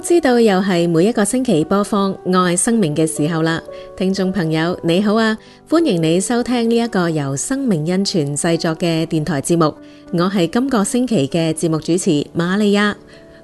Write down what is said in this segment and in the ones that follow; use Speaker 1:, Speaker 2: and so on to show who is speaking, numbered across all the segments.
Speaker 1: 知道又係每一個星期播放愛生命嘅時候啦，聽眾朋友你好啊，歡迎你收聽呢一個由生命恩泉製作嘅電台節目，我係今個星期嘅節目主持瑪利亞。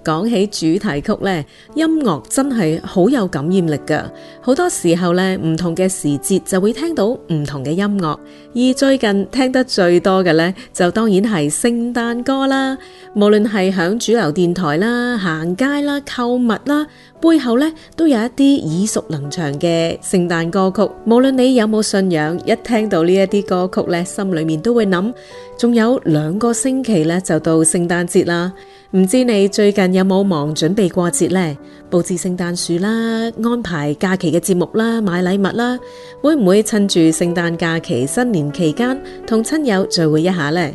Speaker 1: 講起主題曲咧，音樂真係好有感染力噶。好多時候咧，唔同嘅時節就會聽到唔同嘅音樂，而最近聽得最多嘅咧，就當然係聖誕歌啦。無論係響主流電台啦、行街啦、購物啦。背後咧都有一啲耳熟能詳嘅聖誕歌曲，無論你有冇信仰，一聽到呢一啲歌曲咧，心裏面都會諗，仲有兩個星期咧就到聖誕節啦。唔知你最近有冇忙準備過節呢？布置聖誕樹啦，安排假期嘅節目啦，買禮物啦，會唔會趁住聖誕假期、新年期間同親友聚會一下呢？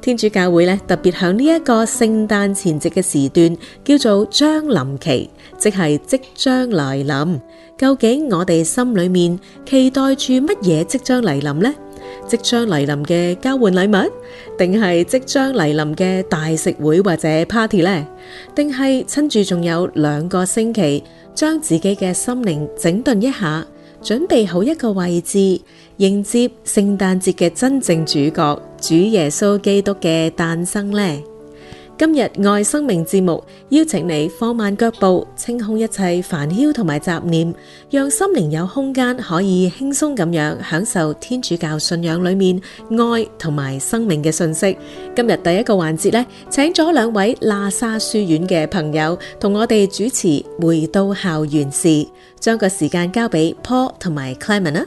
Speaker 1: 天主教會咧特別響呢一個聖誕前夕嘅時段，叫做將臨期。即係即將來臨，究竟我哋心裏面期待住乜嘢即將來臨呢？即將來臨嘅交換禮物，定係即將來臨嘅大食會或者 party 呢？定係趁住仲有兩個星期，將自己嘅心靈整頓一下，準備好一個位置，迎接聖誕節嘅真正主角主耶穌基督嘅誕生呢？今日愛生命節目邀請你放慢腳步，清空一切煩囂同埋雜念，讓心靈有空間可以輕鬆咁樣享受天主教信仰裏面愛同埋生命嘅信息。今日第一個環節呢，請咗兩位喇沙書院嘅朋友同我哋主持回到校園時，將個時間交俾 Paul 同埋 Clement。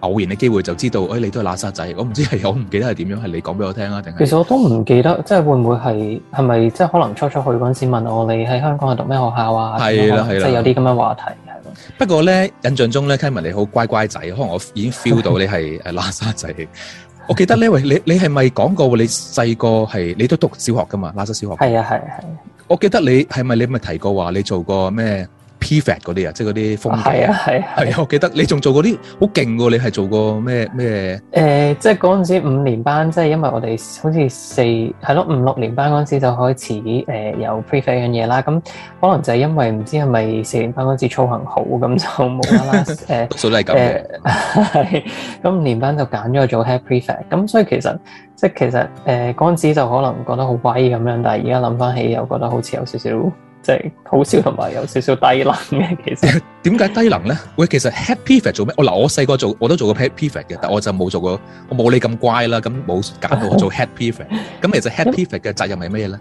Speaker 2: 偶然嘅機會就知道，誒你都係喇沙仔，我唔知係我唔記得係點樣，係你講俾我聽啊定係？其實
Speaker 3: 我都唔記得，即係會唔會係係咪即係可能初初去嗰陣時問我你喺香港係讀咩學校啊？係啦係啦，即係有啲咁嘅話題係
Speaker 2: 咯。不過咧，印象中咧 k i m u r 你好乖乖仔，可能我已經 feel 到你係誒喇沙仔。我記得呢位你你係咪講過你細個係你都讀小學㗎嘛？喇沙小學。係啊係係。我記得你係咪你咪提過話你做過咩？prefect 嗰啲啊，即係嗰啲風格。係啊係。係啊，我記得你仲做過啲好勁喎，你係做過咩咩？誒、呃，即係嗰陣時五年班，
Speaker 3: 即係因為我哋好似四係咯、啊，五六年班嗰陣時就開始誒、呃、有 prefect 嘅嘢啦。咁可能就係因為唔知係咪四年班嗰陣時操行好，咁就冇得啦。
Speaker 2: 誒、 呃，讀數都係咁嘅。係
Speaker 3: 咁、呃、五年班就揀咗去做 head prefect 咁所以其實即係其實誒，嗰、呃、陣時就可能覺得好威咁樣，但係而家諗翻起又覺得好似有少少。
Speaker 2: 即係好少，同埋有少少低能嘅，其實點解低能咧？喂，其實 head prefect 做咩？我嗱，我細個做，我都做過 head prefect 嘅，的但我就冇做過，我冇你咁乖啦，咁冇揀到我做 head prefect 咁 其實 head prefect 嘅責任係咩咧？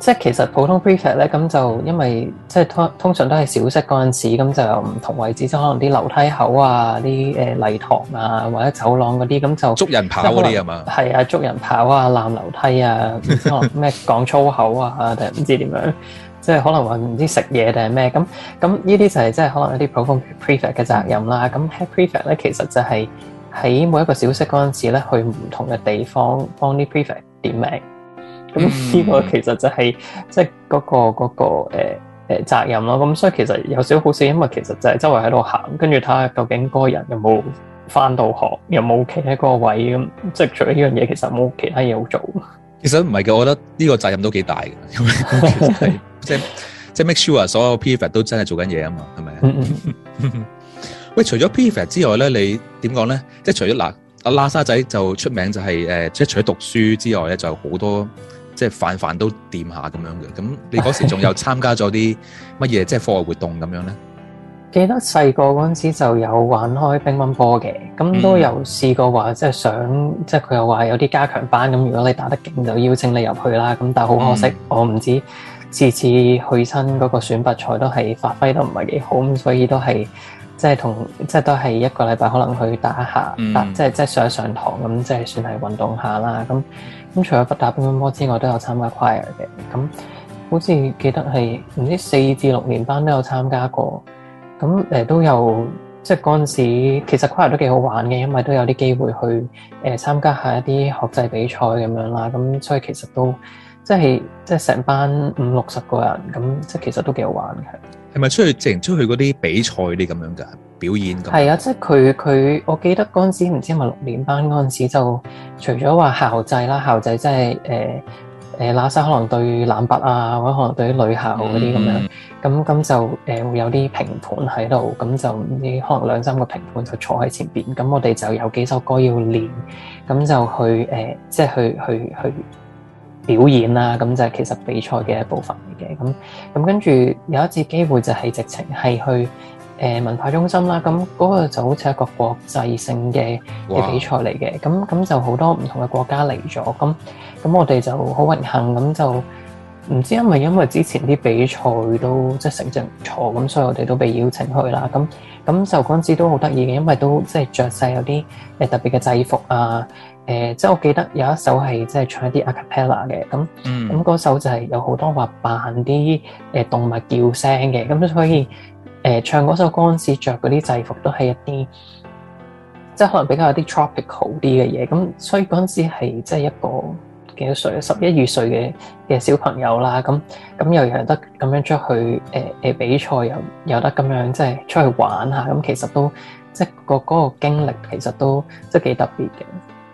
Speaker 2: 即係其實普通 prefect 咧，
Speaker 3: 咁就因為即係通通常都係小息嗰陣時，咁就唔同位置，即可能啲樓梯口啊，啲誒禮堂啊，或者走廊嗰啲，咁就捉人跑嗰啲係嘛？係啊，捉人跑啊，爛樓梯啊，可能咩講粗口啊，定唔 知點樣？即係可能話唔知食嘢定係咩咁，咁呢啲就係即係可能一啲普通 prefect 嘅責任啦。咁 head prefect 咧，其實就係喺每一個小息嗰陣時咧，去唔同嘅地方幫啲 prefect 點名。咁呢個其實就係即係嗰個嗰、嗰個誒誒責任咯。咁所以其實有少好笑，因為其實就係周圍喺度行，跟住睇下究竟嗰個人有冇翻到學，有冇企喺嗰個位咁。即係除咗呢樣嘢，其實冇
Speaker 2: 其他嘢好做。其實唔係嘅，我覺得呢個責任都幾大嘅。 即係 make sure 所有 private 都真係做緊嘢啊嘛，係
Speaker 4: 咪？
Speaker 2: 喂， 除咗 private 之外咧，你點講咧？即係除咗嗱，阿拉薩仔就出名就係、是、誒、呃，即係除咗讀書之外咧，就好、是、多即係泛泛都掂下咁樣嘅。咁你嗰時仲有參加咗啲乜嘢即係課外活動咁樣咧？
Speaker 3: 記得細個嗰陣時就有玩開乒乓波嘅，咁都有試過話、嗯、即係想，即係佢又話有啲加強班，咁如果你打得勁就邀請你入去啦。咁但係好可惜，我唔知。嗯 次次去親嗰個選拔賽都係發揮得唔係幾好咁，所以都係即係同即係都係一個禮拜可能去打下，嗯、打即係即係上一上堂咁，即係算係運動下啦。咁咁除咗不打乒乓波之外，都有參加跨嘅。咁好似記得係唔知四至六年班都有參加過。咁誒、呃、都有即係嗰陣時，其實跨都幾好玩嘅，因為都有啲機會去誒、呃、參加一下一啲學際比賽咁樣啦。咁所以其實都。即係即係成班五六十個人咁，即係其實都幾好玩
Speaker 2: 嘅。係咪出去直情出去嗰啲比賽啲咁樣噶表演？係
Speaker 3: 啊，即係佢佢，我記得嗰陣時唔知係咪六年班嗰陣時就除咗話校際啦，校際即係誒誒，那、呃、沙、呃、可能對南北啊，或者可能對女校嗰啲咁樣，咁咁、嗯、就誒會、呃、有啲評判喺度，咁就唔知可能兩三個評判就坐喺前邊，咁我哋就有幾首歌要練，咁就去誒，即係去去去。去去去去去去表演啦，咁就係其實比賽嘅一部分嚟嘅。咁咁跟住有一次機會就係直情係去誒、呃、文化中心啦。咁嗰個就好似一個國際性嘅嘅比賽嚟嘅。咁咁哇就好多唔同嘅國家嚟咗。咁咁我哋就好榮幸。咁就唔知係咪因，因為之前啲比賽都即係成績唔錯，咁所以我哋都被邀請去啦。咁咁受嗰陣時都好得意嘅，因為都即係着晒有啲誒特別嘅制服啊。誒、呃，即係我記得有一首係即係唱一啲 a cappella 嘅咁，咁嗰、mm. 嗯、首就係有好多話扮啲誒動物叫聲嘅，咁所以誒、呃、唱嗰首歌陣時著嗰啲制服都係一啲即係可能比較有啲 tropical 啲嘅嘢，咁所以嗰陣時係即係一個幾多歲，十一二歲嘅嘅小朋友啦，咁咁又有得咁樣出去誒誒、呃呃、比賽，又有得咁樣即係出去玩下，咁其實都即係、嗰個嗰、嗰個經歷其實都即係幾特別嘅。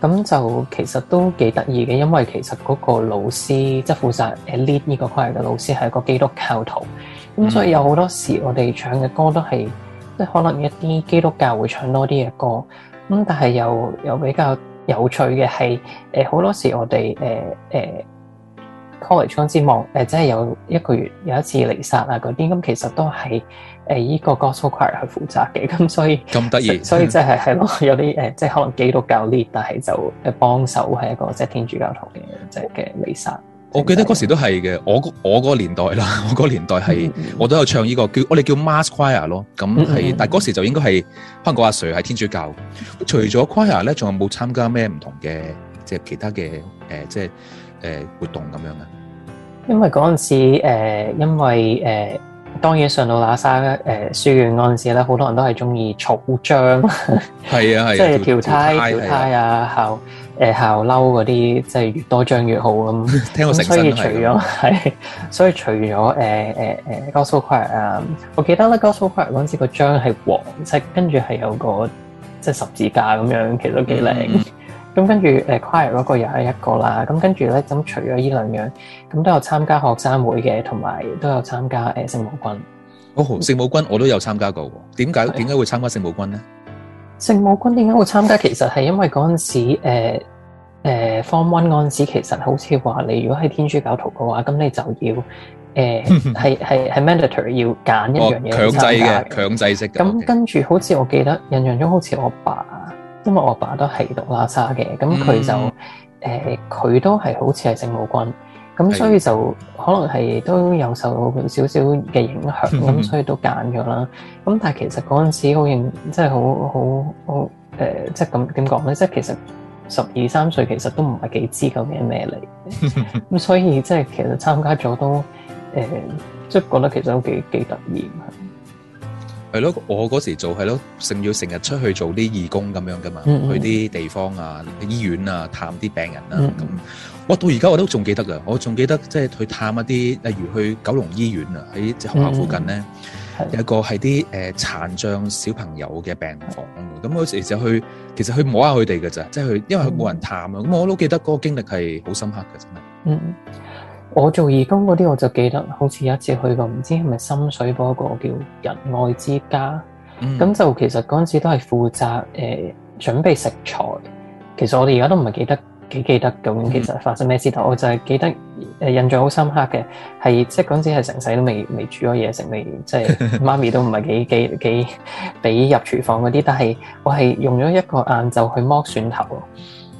Speaker 3: 咁就其實都幾得意嘅，因為其實嗰個老師即係、就是、負責 lead 呢個 course 嘅老師係一個基督教徒，咁所以有好多時我哋唱嘅歌都係即係可能一啲基督教會唱多啲嘅歌，咁但係又有比較有趣嘅係，誒好多時我哋誒誒。呃呃 College 嗰陣望誒，即係有一個月有一次彌撒啊嗰啲，咁其實都係誒依個 Gospel Choir 係負責嘅，咁所以
Speaker 2: 咁得意，所以即
Speaker 3: 係係咯，有啲誒，即係可能基督教啲，但係就誒幫手係一個即係天主教徒嘅即係嘅彌撒。
Speaker 2: 我記得嗰時都係嘅，我我嗰個年代啦，我嗰個年代係我都有唱呢個叫我哋叫 Mass Choir 咯，咁係但係嗰時就應該係香港阿 Sir 係天主教。除咗 Choir 咧，仲有冇參加咩唔同嘅即係其他嘅誒即係？誒，活動咁樣啊？
Speaker 3: 因為嗰陣時，誒，因為誒，當然上到喇沙，誒、呃，書院嗰陣時咧，好多人都係中意草章，
Speaker 4: 係啊，啊，係，即係條胎條胎啊，
Speaker 3: 校誒校褸嗰啲，即係越多章越好咁。聽我所以除咗係，所以除咗誒誒誒 g o 啊，我記得咧 Gosquar 嗰陣時個章係黃色，跟住係有個即係、就是、十字架咁樣，其實都幾靚。嗯咁跟住誒，choir 嗰個又係一個啦。咁跟住咧，咁除咗依兩樣，咁都有參加學生會嘅，同埋都有參加誒聖母軍。
Speaker 2: 哦，聖母軍我都有參加過。點解點解會參加聖母軍咧？
Speaker 3: 聖母軍點解會參加？其實係因為嗰陣時誒、呃呃、Form One 嗰陣時，其實好似話你如果喺天主教徒嘅話，咁你就要誒係係係 mandatory 要揀一樣嘢參、哦、強制嘅。
Speaker 2: 強制式嘅。咁
Speaker 3: 跟住好似我記得印象中好似我爸。因為我爸都係讀拉沙嘅，咁佢就誒佢、嗯呃、都係好似係聖母軍，咁所以就可能係都有受到少少嘅影響，咁所以都揀咗啦。咁、嗯、但係其實嗰陣時好認，即係好好好誒，即係咁點講咧？即係其實十二三歲其實都唔係幾知究竟係咩嚟，咁 所以即係其實參加咗都誒、呃，即係覺得其實都幾幾得意。
Speaker 2: 係咯，我嗰時做係咯，成要成日出去做啲義工咁樣噶嘛，嗯嗯去啲地方啊、醫院啊，探啲病人啊。咁、嗯嗯。我到而家我都仲記得噶，我仲記得即係、就是、去探一啲，例如去九龍醫院啊，喺學校附近咧，嗯、有一個係啲誒殘障小朋友嘅病房嘅。咁嗰時就去，其實去摸下佢哋嘅咋，即、就、係、是、去，因為佢冇人探啊。咁、嗯嗯、我都記得嗰個經歷係好深刻嘅，真係。嗯
Speaker 3: 我做義工嗰啲，我就記得好似有一次去過唔知係咪深水埗嗰個叫仁愛之家咁、嗯、就其實嗰陣時都係負責誒、呃、準備食材。其實我哋而家都唔係記得幾記得咁，其實發生咩事，但、嗯、我就係記得誒、呃、印象好深刻嘅係，即係嗰陣時係成世都未未煮過嘢食，未即係媽咪都唔係幾幾幾俾入廚房嗰啲。但係我係用咗一個晏晝去剝蒜頭，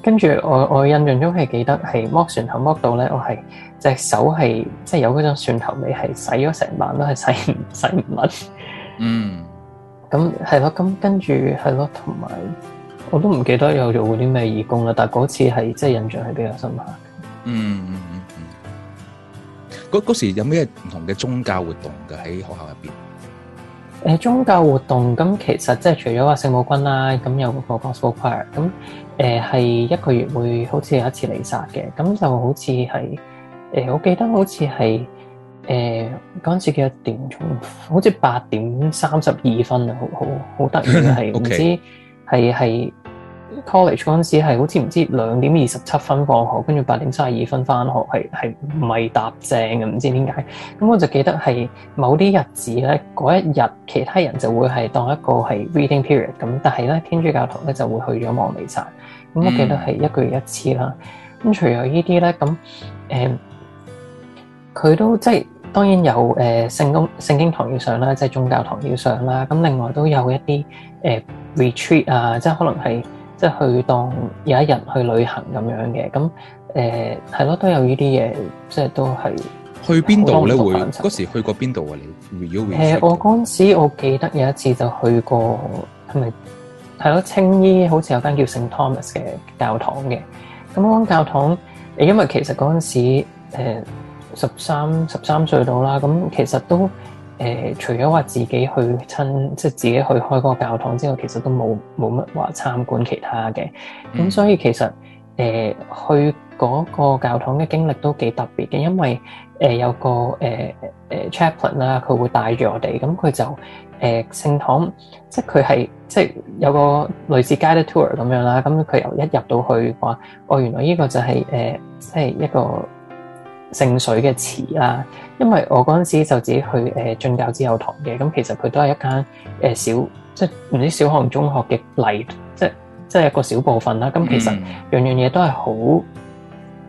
Speaker 3: 跟住我我，我印象中係記得係剝蒜頭剝到咧，我係。隻手係即係有嗰種蒜頭味，係洗咗成晚都係洗唔洗唔甩。嗯，
Speaker 4: 咁
Speaker 3: 係咯，咁跟住係咯，同埋我都唔記得有做過啲咩義工啦。但係嗰次係即係印象係比較深
Speaker 2: 刻，嗯。嗯嗯嗯嗯。嗰、嗯、時有咩唔同嘅宗教活動㗎？喺學校入邊？
Speaker 3: 誒、呃、宗教活動，咁、嗯、其實即係除咗話聖母軍啦，咁、嗯、有嗰個 gospel prayer 咁、嗯、誒係、嗯呃、一個月會好似有一次禮殺嘅，咁就好似係。誒、呃，我記得好似係誒嗰陣時幾多點鐘，好似八點三十二分啊，好好好得意嘅係，唔知係係 Okay. college 嗰陣時係好似唔知兩點二十七分放學，跟住八點三十二分返學，係係唔係搭正嘅，唔知點解。咁我就記得係某啲日子咧，嗰一日其他人就會係當一個係 reading period 咁，但係咧天主教堂咧就會去咗望彌撒。
Speaker 1: 咁我記得係
Speaker 3: 一個月一次啦。咁、嗯、除咗依啲咧，咁誒。嗯佢都即係當然有誒、呃、聖經聖經堂要上啦，即係宗教堂要上啦。咁另外都有一啲誒、呃、retreat 啊，即係可能係即係去當有一日去旅行咁樣嘅。咁誒係咯，都、呃、有呢啲嘢，即係都係去邊度咧？會
Speaker 2: 嗰時去過邊度啊？你 r、呃、我
Speaker 3: 嗰陣時，我記得有一次就去過係咪係咯？青衣好似有間叫聖 Thomas 嘅教堂嘅。咁嗰間教堂，因為其實嗰陣時、呃呃十三十三歲到啦，咁其實都誒、呃，除咗話自己去親，即係自己去開嗰個教堂之外，其實都冇冇乜話參觀其他嘅。咁所以其實誒、呃、去嗰個教堂嘅經歷都幾特別嘅，因為誒、呃、有個誒誒 chaplain 啦，佢會帶住我哋。咁佢就誒、呃、聖堂，即係佢係即係有個類似 guided tour 咁樣啦。咁佢由一入到去嘅話，哦，原來呢個就係、是、誒、呃，即係一個。聖水嘅池啦，因為我嗰陣時就自己去誒進、呃、教之友堂嘅，咁、嗯、其實佢都係一間誒、呃、小即係唔知小學同中學嘅例，即係即係一個小部分啦、啊。咁、嗯嗯、其實樣樣嘢都係好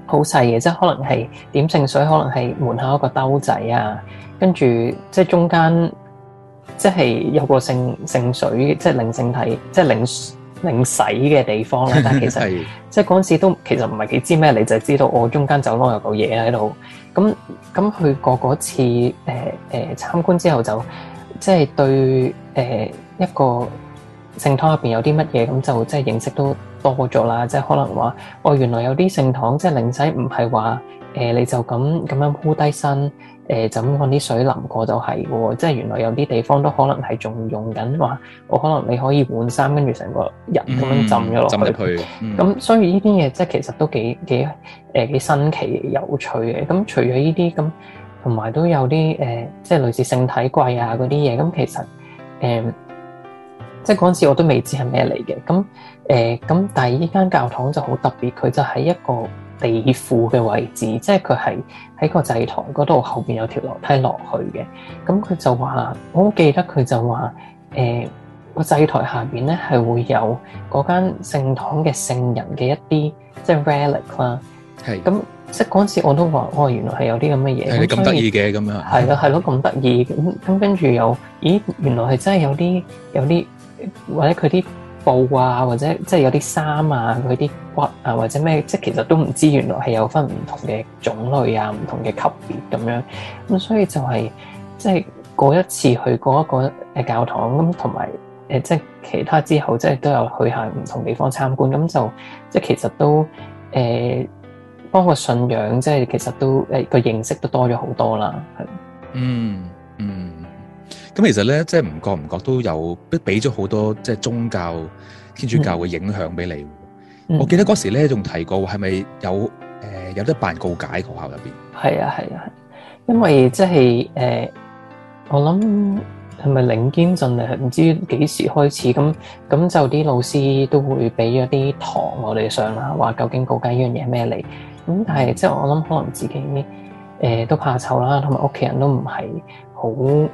Speaker 3: 好細嘅，即係可能係點聖水，可能係門口一個兜仔啊，跟住即係中間即係有個聖聖水，即係靈聖體，即係靈。靈洗嘅地方啦，但係其實 是即係嗰陣時都其實唔係幾知咩，你就知道我中間走廊有嚿嘢喺度。咁咁去過嗰次誒誒、呃呃、參觀之後就，就即係對誒、呃、一個聖堂入邊有啲乜嘢，咁就即係認識都多咗啦。即係可能話，哦原來有啲聖堂即係靈洗唔係話誒，你就咁咁樣,樣撲低身。誒、呃、就咁按啲水淋過就係喎，即係原來有啲地方都可能係仲用緊話，我可能你可以換衫跟住成個人咁樣浸咗落去。嗯、浸落去咁、嗯、所以呢啲嘢即係其實都幾幾誒、呃、幾新奇有趣嘅。咁除咗呢啲咁，同埋都有啲誒、呃，即係類似聖體櫃啊嗰啲嘢。咁其實誒、呃，即係嗰陣時我都未知係咩嚟嘅。咁誒咁，但係呢間教堂就好特別，佢就喺一個。地庫嘅位置，即係佢係喺個祭台嗰度後邊有條樓梯落去嘅。咁佢就話，我記得佢就話，誒、欸、個祭台下邊咧係會有嗰間聖堂嘅聖人嘅一啲即係 relic 啦。係。咁即係嗰陣時我都話，哦原來係有啲咁嘅嘢。係咁得意嘅
Speaker 2: 咁樣。係咯，
Speaker 3: 係咯，咁得意咁，跟住有，咦原來係真係有啲有啲，或者佢啲。布啊，或者即係有啲衫啊，佢啲骨啊，或者咩，即係其實都唔知，原來係有分唔同嘅種類啊，唔同嘅級別咁樣。咁所以就係、是、即係嗰一次去過一個誒教堂，咁同埋誒即係其他之後，即係都有去下唔同地方參觀。咁就即係其實都誒，幫、欸、個信仰即係其實都誒個、欸、認識都多咗好多啦、嗯。嗯嗯。
Speaker 2: 咁其實咧，即係唔覺唔覺都有都俾咗好多即係宗教、天主教嘅影響俾你。嗯、我記得嗰時咧仲提過係、係，係咪有誒有得辦告解學校入邊？係啊係啊，因為即係誒，
Speaker 3: 我諗係咪領堅振嚟？唔知幾時開始咁咁，咁就啲老師都會俾咗啲堂我哋上啦，話究竟告解呢樣嘢咩嚟？咁但係即係我諗，可能自己誒、呃、都怕醜啦，同埋屋企人都唔係好。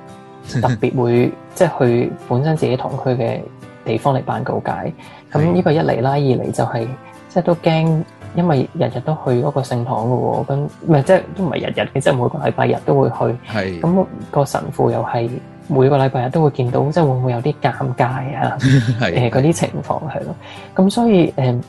Speaker 3: 特別會即係、就是、去本身自己堂區嘅地方嚟辦告解，咁呢 的個一嚟啦，二嚟就係即係都驚，因為日日都去嗰個聖堂嘅喎，咁唔係即係都唔係日日，即係、就是、每個禮拜日都會去，咁 的個神父又係每個禮拜日都會見到，即、就、係、是、會唔會有啲尷尬啊？誒嗰啲情況係咯，咁所以誒、嗯、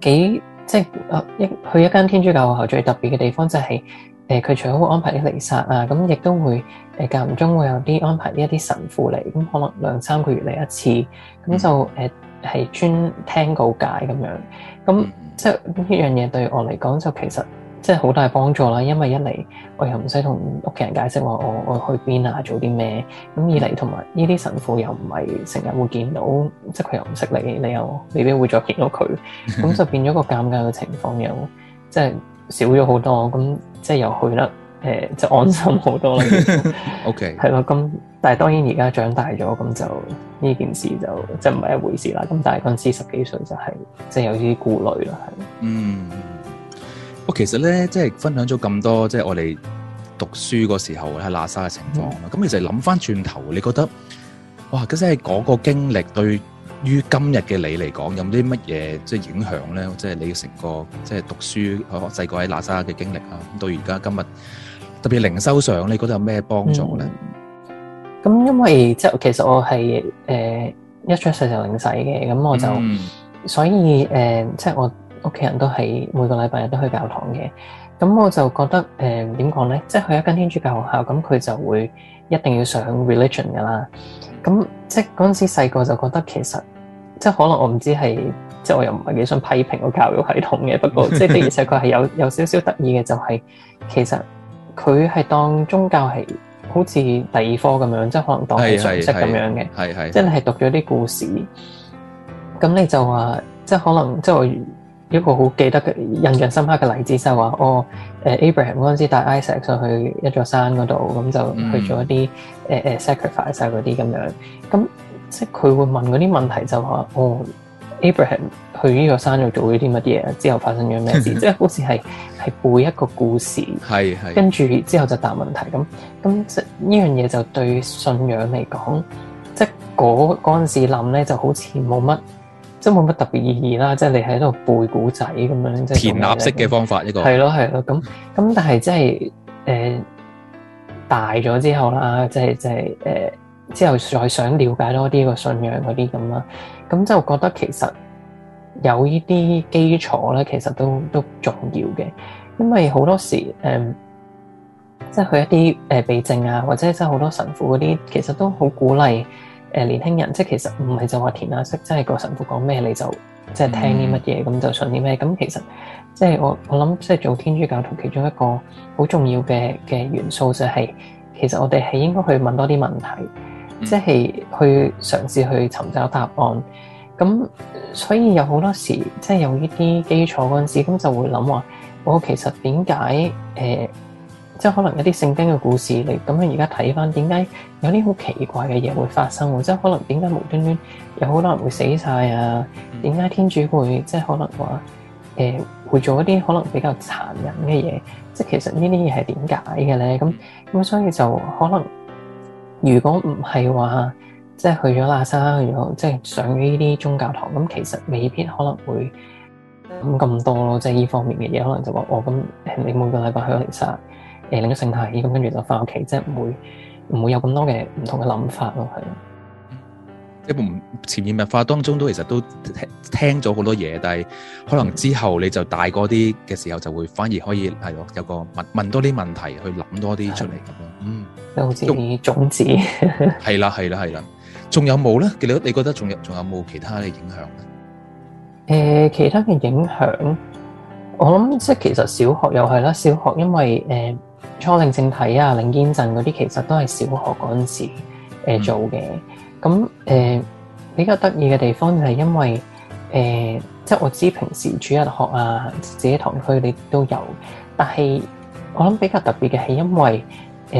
Speaker 3: 幾即係誒、啊、一去一間天主教學校最特別嘅地方就係、是。誒佢、呃、除咗安排啲彌撒啊，咁亦都會誒間唔中會有啲安排一啲、呃、神父嚟，咁可能兩三個月嚟一次，咁就誒係、呃、專聽告解咁樣。咁、嗯、即係呢樣嘢對我嚟講就其實即係好大幫助啦，因為一嚟我又唔使同屋企人解釋我我我去邊啊，做啲咩，咁二嚟同埋呢啲神父又唔係成日會見到，即係佢又唔識你，你又未必會再見到佢，咁、嗯、就變咗個尷尬嘅情況又即係少咗好多咁。即係又去啦，誒、呃、就安心好多啦。O K，係咯，咁但係當然而家長大咗，咁就呢件事就即係唔係一回事啦。咁但係嗰陣時十幾歲就係、是、即係有啲顧慮咯，
Speaker 2: 係。嗯，我其實咧即係分享咗咁多，即係我哋讀書嗰時候喺喇沙嘅情況啦。咁、嗯、其實諗翻轉頭，你覺得哇，即係嗰個經歷對於今日嘅你嚟講，有啲乜嘢即係影響咧？即係你成個即係讀書，學細個喺喇沙嘅經歷啊！到而家今日特別靈修上，你覺得有咩幫助咧？
Speaker 3: 咁因為即係其實我係誒一出世就領洗嘅，咁我就所以誒，即係我屋企人都係每個禮拜日都去教堂嘅。咁我就覺得，誒點講咧？即係去一間天主教學校，咁佢就會一定要上 religion 噶啦。咁即係嗰陣時細個就覺得其實，即係可能我唔知係，即係我又唔係幾想批評個教育系統嘅。不過即係的而且確係有 有，有少少得意嘅，就係其實佢係當宗教係好似第二科咁樣，即係可能當係常識咁樣嘅。
Speaker 4: 係係，即係你係
Speaker 3: 讀咗啲故事，咁 你就話，即係可能即係我。一個好記得嘅印象深刻嘅例子就係、是、話，哦，誒、啊、Abraham 嗰陣時帶 Isaac 上去一座山嗰度，咁就去做一啲誒誒、嗯呃啊、sacrifice 嗰啲咁樣。咁即係佢會問嗰啲問題就話，哦，Abraham 去呢座山度做咗啲乜嘢？之後發生咗咩事？ 即係好似係係背一個故事，
Speaker 2: 係係，跟住
Speaker 3: 之後就答問題。咁咁即係呢樣嘢就對信仰嚟講，即係嗰嗰陣時諗咧就好似冇乜，即冇乜特別意義啦，即係你喺度背古仔咁樣，即係填鴨式嘅方法呢個。係咯係咯，咁咁但係即係誒大咗之後啦，即係即係誒之後再想了解多啲個信仰嗰啲咁啦，咁就覺得其實有呢啲基礎咧，其實都都重要嘅，因為好多時誒、呃、即係佢一啲誒避靜啊，或者即係好多神父嗰啲，其實都好鼓勵。誒年輕人，即係其實唔係就話填鴨式，即係個神父講咩你就即係聽啲乜嘢，咁、嗯、就信啲咩。咁其實即係、就係、我我諗，即係做天主教徒其中一個好重要嘅嘅元素、就係，就係其實我哋係應該去問多啲問題，嗯、即係去嘗試去尋找答案。咁所以有好多時，即、就、係、是、有呢啲基礎嗰陣時，咁就會諗話，我其實點解誒？呃即係可能一啲聖經嘅故事，你咁樣而家睇翻，點解有啲好奇怪嘅嘢會發生？即係可能點解無端端有好多人會死晒啊？點解天主會即係可能話誒、呃、會做一啲可能比較殘忍嘅嘢？即係其實呢啲嘢係點解嘅咧？咁咁所以就可能如果唔係話即係去咗喇沙，如果即係上呢啲宗教堂，咁其實未必可能會諗咁多咯。即係呢方面嘅嘢，可能就話我咁，你每個禮拜去喇沙。誒，另一個狀態咁，跟住就翻屋企，即係唔會唔會有咁多嘅唔同嘅諗法咯，係咯。
Speaker 2: 即係唔潛移默化當中都其實都聽聽咗好多嘢，但係可能之後你就大個啲嘅時候，就會反而可以係咯，有個問問多啲問題，去諗多啲出嚟咁樣。
Speaker 3: 嗯，即
Speaker 4: 係好似種子。
Speaker 2: 係啦，係啦，係啦。仲有冇咧？你你覺得仲有仲有冇其他嘅影響
Speaker 3: 咧？誒，其他嘅影響，我諗即係其實小學又係啦，小學因為誒。初令正體啊，領堅振嗰啲，其實都係小學嗰陣時誒、呃嗯、做嘅。咁誒、呃、比較得意嘅地方就係因為誒、呃，即係我知平時主日學啊，自己堂區你都有。但係我諗比較特別嘅係因為誒、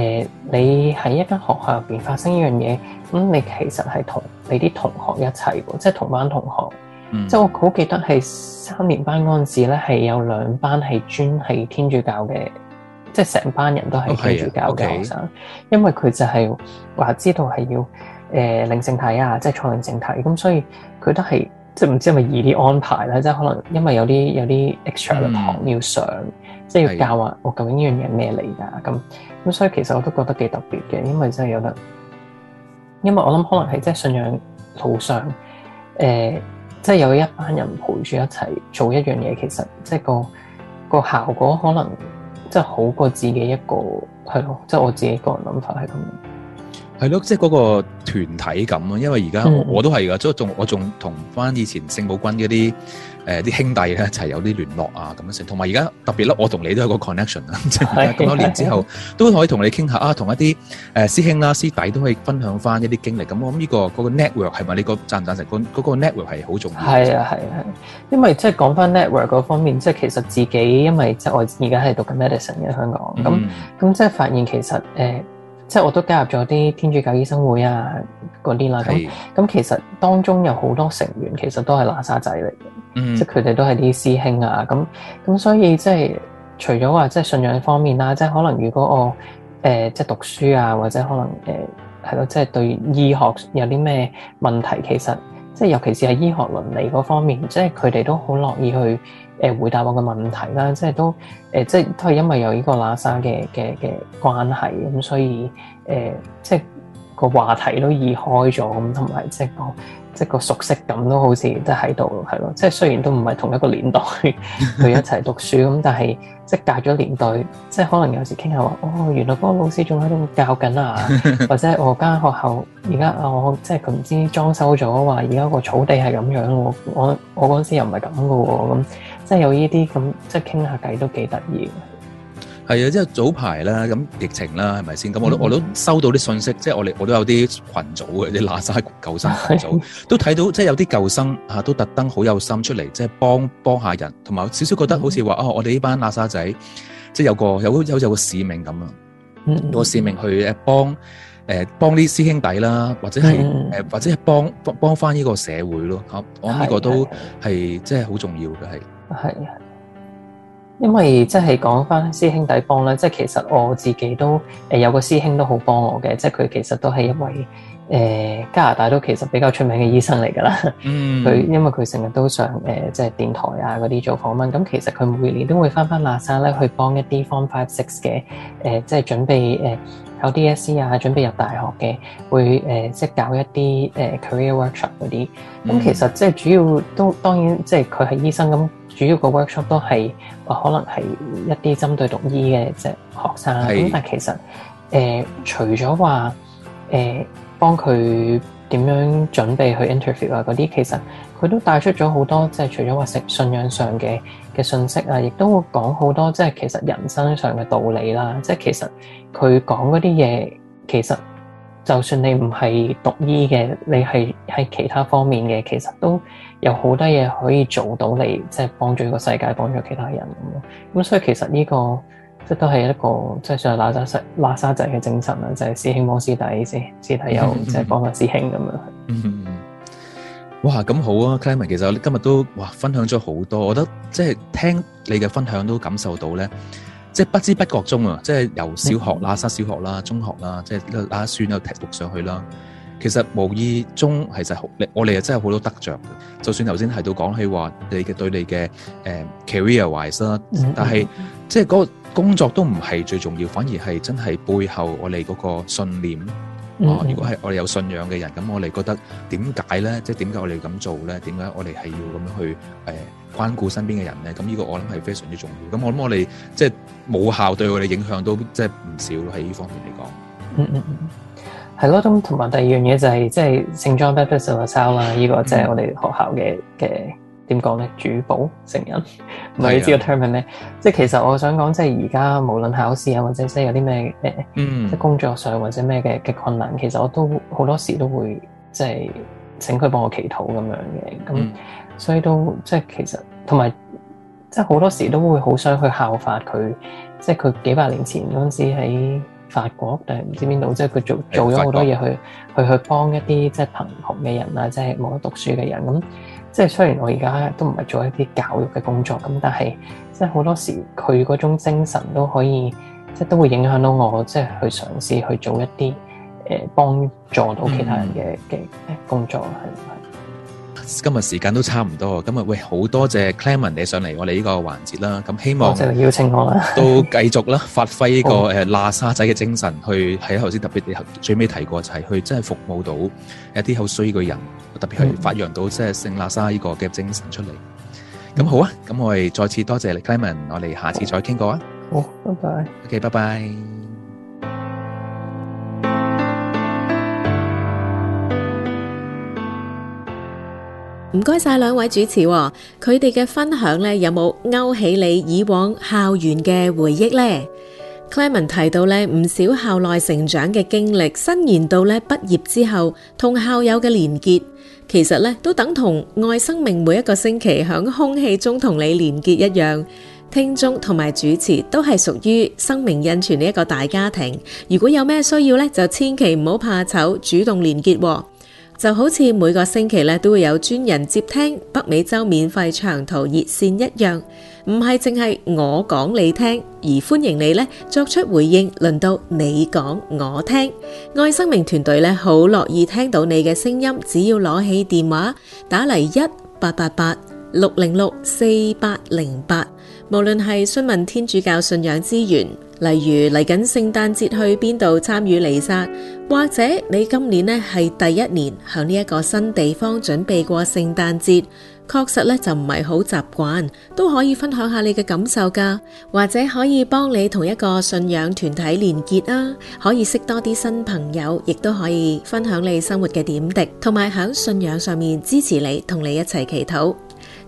Speaker 3: 呃，你喺一間學校入邊發生一樣嘢，咁、嗯、你其實係同你啲同學一齊嘅，即係同班同學。嗯、即係我好記得係三年班嗰陣時咧，係有兩班係專係天主教嘅。即係成班人都係 keep 住教嘅學生，okay, okay。因為佢就係話知道係要誒靈性體啊，即係創靈性體咁，所以佢都係即係唔知係咪易啲安排咧、啊，即係可能因為有啲有啲 extra 嘅堂要上，嗯、即係要教啊，我究竟呢樣嘢係咩嚟㗎？咁咁、哦、所以其實我都覺得幾特別嘅，因為真係有得，因為我諗可能係即係信仰路上誒、呃，即係有一班人陪住一齊做一樣嘢，其實即係個個效果可能。即係好過自己一個係咯，即係我自己個人諗法係咁樣。
Speaker 2: 係咯，即係嗰個團體咁咯，因為而家我都係噶，即係仲我仲同翻以前聖母軍嗰啲誒啲兄弟咧一齊有啲聯絡啊，咁樣成。同埋而家特別啦，我同你都有個 connection 啊的，即係咁多年之後都可以同你傾下啊，同一啲誒、呃、師兄啦師弟都可以分享翻一啲經歷。咁我諗呢、這個、那個 network 係咪、那個？你贊唔贊成？嗰嗰個 network 係好重要。係啊係啊，因為即係講翻 network 嗰方面，即係其實自己因為
Speaker 3: 即係我而家係讀緊 medicine 嘅香港，咁咁、嗯、即係發現其實誒。呃即係我都加入咗啲天主教醫生會啊，嗰啲啦咁咁，是的 嗯、其實當中有好多成員其實都係喇沙仔嚟嘅，嗯、即係佢哋都係啲師兄啊。咁咁所以即係除咗話即係信仰方面啦、啊，即係可能如果我誒、呃、即係讀書啊，或者可能誒係咯，即係對醫學有啲咩問題，其實即係尤其是係醫學倫理嗰方面，即係佢哋都好樂意去，誒回答我個問題啦，即係都誒、呃，即係都係因為有呢個喇沙嘅嘅嘅關係，咁所以誒、呃，即係個話題都易開咗咁，同埋即係、嗰個即係個熟悉感都好似都喺度係咯，即係雖然都唔係同一個年代去一齊讀書咁，但係即係隔咗年代，即係可能有時傾下話哦，原來嗰個老師仲喺度教緊啊，或者我間學校而家啊，我即係佢唔知裝修咗，話而家個草地係咁樣，我我嗰陣時又唔係咁嘅喎咁。嗯即係有呢啲咁，即係傾下偈都幾得意
Speaker 2: 嘅。係啊，即係早排啦，咁疫情啦，係咪先？咁我我都收到啲信息，即係我哋我都有啲群組嘅啲喇沙舊生群組，都睇到即係有啲舊生啊，都特登好有心出嚟，即係幫幫下人，同埋少少覺得好似話啊，我哋呢班喇沙仔，即係有個有有有個使命咁啊，
Speaker 3: 個使
Speaker 2: 命去幫誒幫啲師兄弟啦，或者係誒或者係幫幫幫翻呢個社會咯。好，我諗呢個都係即係好重要嘅係。
Speaker 3: 係啊，因為即係講翻師兄弟幫咧，即係其實我自己都誒有個師兄都好幫我嘅，即係佢其實都係一位誒、呃、加拿大都其實比較出名嘅醫生嚟噶啦。
Speaker 4: 佢、mm hmm.
Speaker 3: 因為佢成日都上誒、呃、即係電台啊嗰啲做訪問，咁其實佢每年都會翻翻拉薩咧去幫一啲 Form Five Six 嘅誒即係準備誒考、呃、DSE 啊，準備入大學嘅會誒、呃、即係搞一啲誒 Career Workshop 嗰啲。咁、呃 er mm hmm. 其實即係主要都當然即係佢係醫生咁。主要個 workshop 都係話可能係一啲針對讀醫嘅即係學生啦，咁是但係其實誒、呃、除咗話誒幫佢點樣準備去 interview 啊啲，其實佢都帶出咗好多即係除咗話信信仰上嘅嘅信息啊，亦都會講好多即係其實人生上嘅道理啦。即係其實佢講啲嘢其實。就算你唔係讀醫嘅，你係喺其他方面嘅，其實都有好多嘢可以做到你，你即係幫助呢個世界，幫助其他人咁。咁所以其實呢、這個即都係一個即係算係喇沙，沙仔、喇沙仔嘅精神啦，就係、是、師兄幫師弟先，師弟有，即係幫下師兄咁 樣。
Speaker 2: 嗯、 啊，哇，咁好啊，Clayman，其實我今日都哇分享咗好多，我覺得即係聽你嘅分享都感受到咧。即係不知不覺中啊，即係由小學啦、沙小學啦、中學啦，即係拉一串又踢步上去啦。其實無意中其實我我哋又真係好多得着嘅。就算頭先提到講起話你嘅對你嘅誒、呃、career wise，但係、嗯嗯、即係嗰個工作都唔係最重要，反而係真係背後我哋嗰個信念。哦，如果係我哋有信仰嘅人，咁我哋覺得點解咧？即係點解我哋咁做咧？點解我哋係要咁樣去誒、呃、關顧身邊嘅人咧？咁呢個我諗係非常之重要。咁我諗我哋即係母校對我哋影響都即係唔少喺呢方面嚟講、
Speaker 3: 嗯。嗯嗯嗯，係咯、嗯。咁同埋第二樣嘢就係即係聖莊 Baptist School 啦，依、就是這個即係我哋學校嘅嘅。嗯。點講咧？主保聖人，唔係，你知個 term i 係咩？即係其實我想講，即係而家無論考試啊，或者即係有啲咩誒，即係、嗯、工作上或者咩嘅嘅困難，其實我都好多時都會即係請佢幫我祈禱咁樣嘅。咁、嗯、所以都即係其實同埋即係好多時都會好想去效法佢，即係佢幾百年前嗰陣時喺法國定係唔知邊度，即係佢做做咗好多嘢去去去幫一啲即係貧窮嘅人啊，即係冇得讀書嘅人咁。即係雖然我而家都唔係做一啲教育嘅工作咁，但係即係好多時佢嗰種精神都可以，即係都會影響到我，即係去嘗試去做一啲誒、呃、幫助到其他人嘅嘅工作係。
Speaker 2: 今日時間都差唔多，今日喂，好多謝 Clement 你上嚟我哋呢個環節啦，咁希望多謝邀請我啦， 都繼續啦，發揮呢、呢個誒喇沙仔嘅精神去喺頭先特別你最尾提過就係去真係服務到一啲好衰嘅人，嗯、特別係發揚到即係聖喇沙呢個嘅精神出嚟。咁、嗯、好啊，咁我哋再次多謝你 Clement 我哋下次再傾過啊。好，
Speaker 3: 多謝。OK，拜
Speaker 2: 拜。Okay, bye bye
Speaker 1: 唔該晒兩位主持，佢哋嘅分享咧有冇勾起你以往校園嘅回憶咧？Clement 提到咧唔少校內成長嘅經歷，伸延到咧畢業之後同校友嘅連結，其實咧都等同愛生命每一個星期響空氣中同你連結一樣。聽眾同埋主持都係屬於生命印存嘅一個大家庭，如果有咩需要咧，就千祈唔好怕醜，主動連結。就好似每個星期咧都會有專人接聽北美洲免費長途熱線一樣，唔係淨係我講你聽，而歡迎你咧作出回應，輪到你講我聽。愛生命團隊咧好樂意聽到你嘅聲音，只要攞起電話打嚟一八八八六零六四八零八。無論係詢問天主教信仰資源，例如嚟緊聖誕節去邊度參與彌撒，或者你今年呢係第一年向呢一個新地方準備過聖誕節，確實咧就唔係好習慣，都可以分享下你嘅感受噶，或者可以幫你同一個信仰團體連結啊，可以識多啲新朋友，亦都可以分享你生活嘅點滴，同埋響信仰上面支持你，同你一齊祈禱。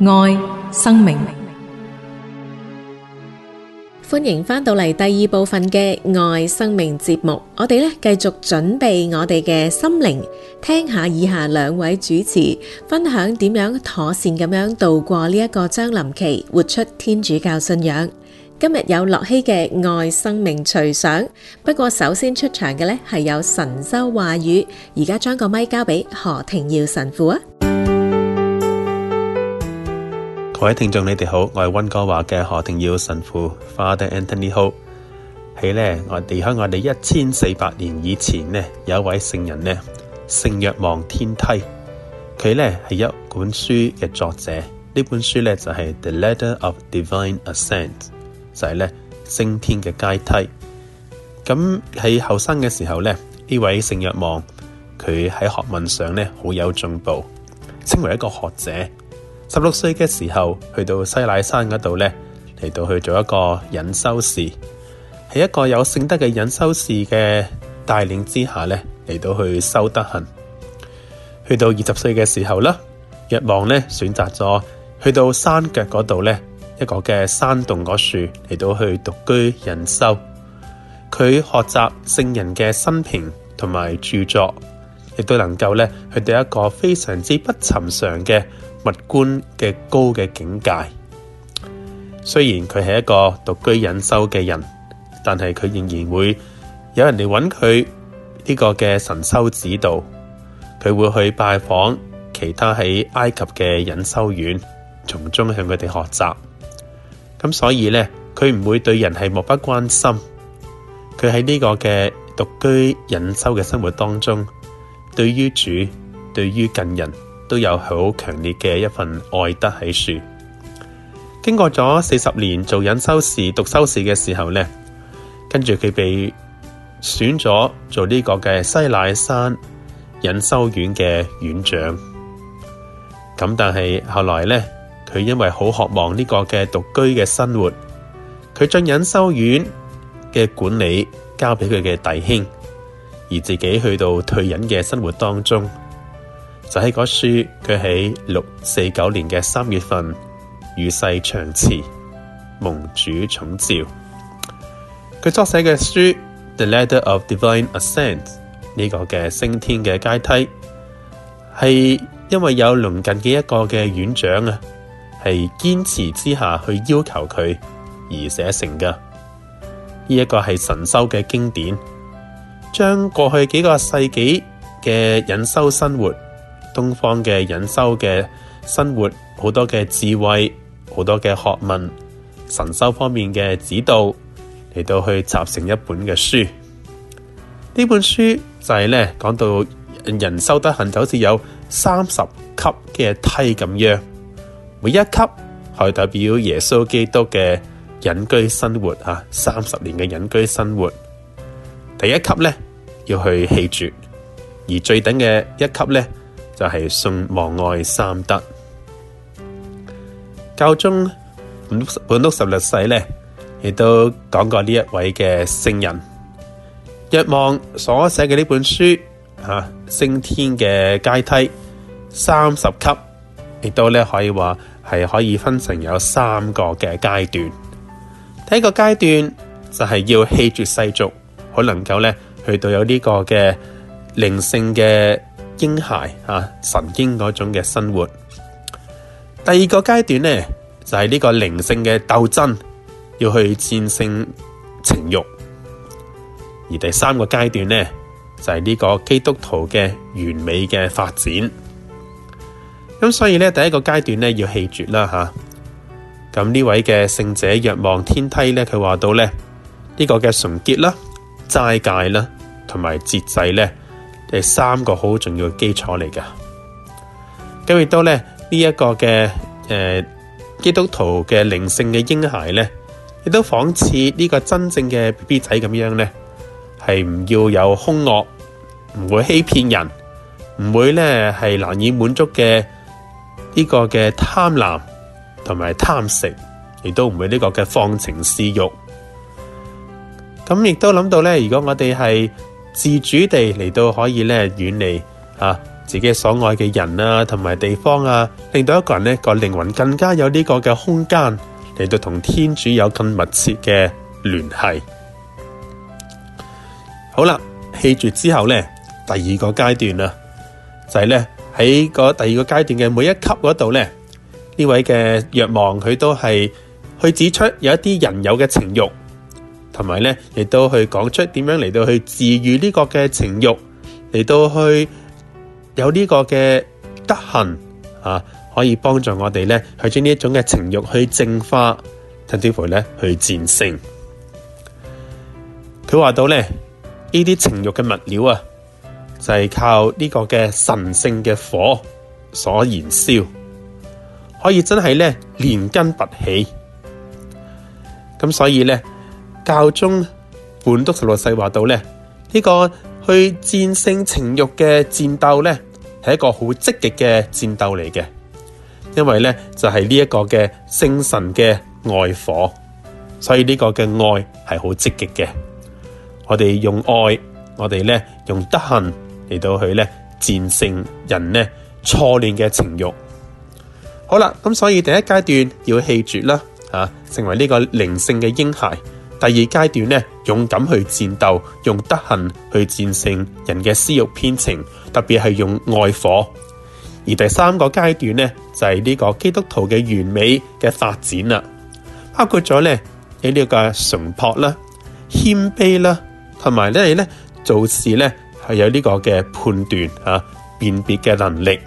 Speaker 1: 愛生命，歡迎翻到嚟第二部分嘅愛生命節目。我哋咧繼續準備我哋嘅心靈，聽下以下兩位主持分享點樣妥善咁樣度過呢一個將臨期，活出天主教信仰。今日有樂希嘅愛生命隨想，不過首先出場嘅咧係有神修話語。而家將個麥交俾何庭耀神父啊！
Speaker 5: 各位聽眾，你哋好，我係溫哥華嘅何庭耀神父，Father Anthony Hope。喺咧，我哋喺我哋一千四百年以前咧，有一位聖人咧，聖若望天梯，佢咧係一本書嘅作者，呢本書咧就係、是《The Ladder of Divine Ascent》，就係咧升天嘅階梯。咁喺後生嘅時候咧，呢位聖若望，佢喺學問上咧好有進步，成為一個學者。十六歲嘅時候，去到西乃山嗰度呢，嚟到去做一個隱修士，喺一個有聖德嘅隱修士嘅帶領之下呢，嚟到去修德行。去到二十歲嘅時候啦，若望呢，選擇咗去到山腳嗰度呢，一個嘅山洞嗰樹嚟到去獨居隱修。佢學習聖人嘅生平同埋著作，亦都能夠呢去到一個非常之不尋常嘅。物觀嘅高嘅境界，雖然佢係一個獨居隱修嘅人，但係佢仍然會有人嚟搵佢呢個嘅神修指導，佢會去拜訪其他喺埃及嘅隱修院，從中向佢哋學習。咁所以呢，佢唔會對人係漠不關心。佢喺呢個嘅獨居隱修嘅生活當中，對於主，對於近人。都有好強烈嘅一份愛德喺樹。經過咗四十年做隱修士、讀修士嘅時候呢，跟住佢被選咗做呢個嘅西乃山隱修院嘅院長。咁但係後來呢，佢因為好渴望呢個嘅獨居嘅生活，佢將隱修院嘅管理交俾佢嘅弟兄，而自己去到退隱嘅生活當中。就喺嗰書，佢喺六四九年嘅三月份與世長辭，蒙主寵召。佢撰寫嘅書《The Ladder of Divine Ascent》呢，這個嘅升天嘅階梯，係因為有鄰近嘅一個嘅院長啊，係堅持之下去要求佢而寫成噶。呢、這、一個係神修嘅經典，將過去幾個世紀嘅隱修生活。東方嘅隱修嘅生活，好多嘅智慧，好多嘅學問，神修方面嘅指導，嚟到去集成一本嘅書。呢本書就係咧講到人修德行，就好似有三十級嘅梯咁樣，每一級係代表耶穌基督嘅隱居生活啊，三十年嘅隱居生活。第一級咧，要去棄絕，而最頂嘅一級咧。就係信望愛三德。教宗本本篤十六世咧，亦都講過呢一位嘅聖人。若望所寫嘅呢本書，吓、啊、升天嘅階梯三十級，亦都咧可以話係可以分成有三個嘅階段。第一個階段就係、是、要棄絕世俗，可能夠咧去到有呢個嘅靈性嘅。嬰孩啊，神經嗰種嘅生活。第二個階段呢，就係、是、呢個靈性嘅鬥爭，要去戰勝情欲。而第三個階段呢，就係、是、呢個基督徒嘅完美嘅發展。咁所以呢，第一個階段呢，要棄絕啦吓。咁、啊、呢位嘅聖者若望天梯呢，佢話到呢，呢、這個嘅純潔啦、齋戒啦同埋節制呢。第三個好重要嘅基礎嚟㗎，咁亦都咧呢一、這個嘅誒、呃、基督徒嘅靈性嘅嬰孩咧，亦都仿似呢個真正嘅 B B 仔咁樣咧，係唔要有兇惡，唔會欺騙人，唔會咧係難以滿足嘅呢、這個嘅貪婪同埋貪食，亦都唔會呢個嘅放情嗜欲。咁亦都諗到咧，如果我哋係。自主地嚟到可以咧遠離啊自己所愛嘅人啊同埋地方啊，令到一個人咧個靈魂更加有呢個嘅空間嚟到同天主有更密切嘅聯繫。好啦，棄絕之後呢，第二個階段啦、啊，就係、是、呢，喺第二個階段嘅每一級嗰度呢，呢位嘅若望佢都係去指出有一啲人有嘅情欲。同埋咧，亦都去講出點樣嚟到去治愈呢個嘅情欲，嚟到去有呢個嘅德行啊，可以幫助我哋咧去將呢一種嘅情欲去淨化，甚至乎咧去戰勝。佢話到咧，呢啲情欲嘅物料啊，就係、是、靠呢個嘅神聖嘅火所燃燒，可以真係咧連根拔起。咁所以咧。教宗本篤十六世話到咧，呢、這個去戰勝情欲嘅戰鬥咧，係一個好積極嘅戰鬥嚟嘅。因為咧就係、是、呢一個嘅聖神嘅愛火，所以呢個嘅愛係好積極嘅。我哋用愛，我哋咧用德行嚟到去咧戰勝人咧錯亂嘅情欲。好啦，咁所以第一階段要棄絕啦，啊，成為呢個靈性嘅嬰孩。第二階段咧，勇敢去戰鬥，用德行去戰勝人嘅私欲偏情，特別係用愛火；而第三個階段咧，就係、是、呢個基督徒嘅完美嘅發展啦，包括咗咧你呢、這個純樸啦、謙卑啦，同埋咧你咧做事咧係有呢個嘅判斷吓、辨別嘅能力，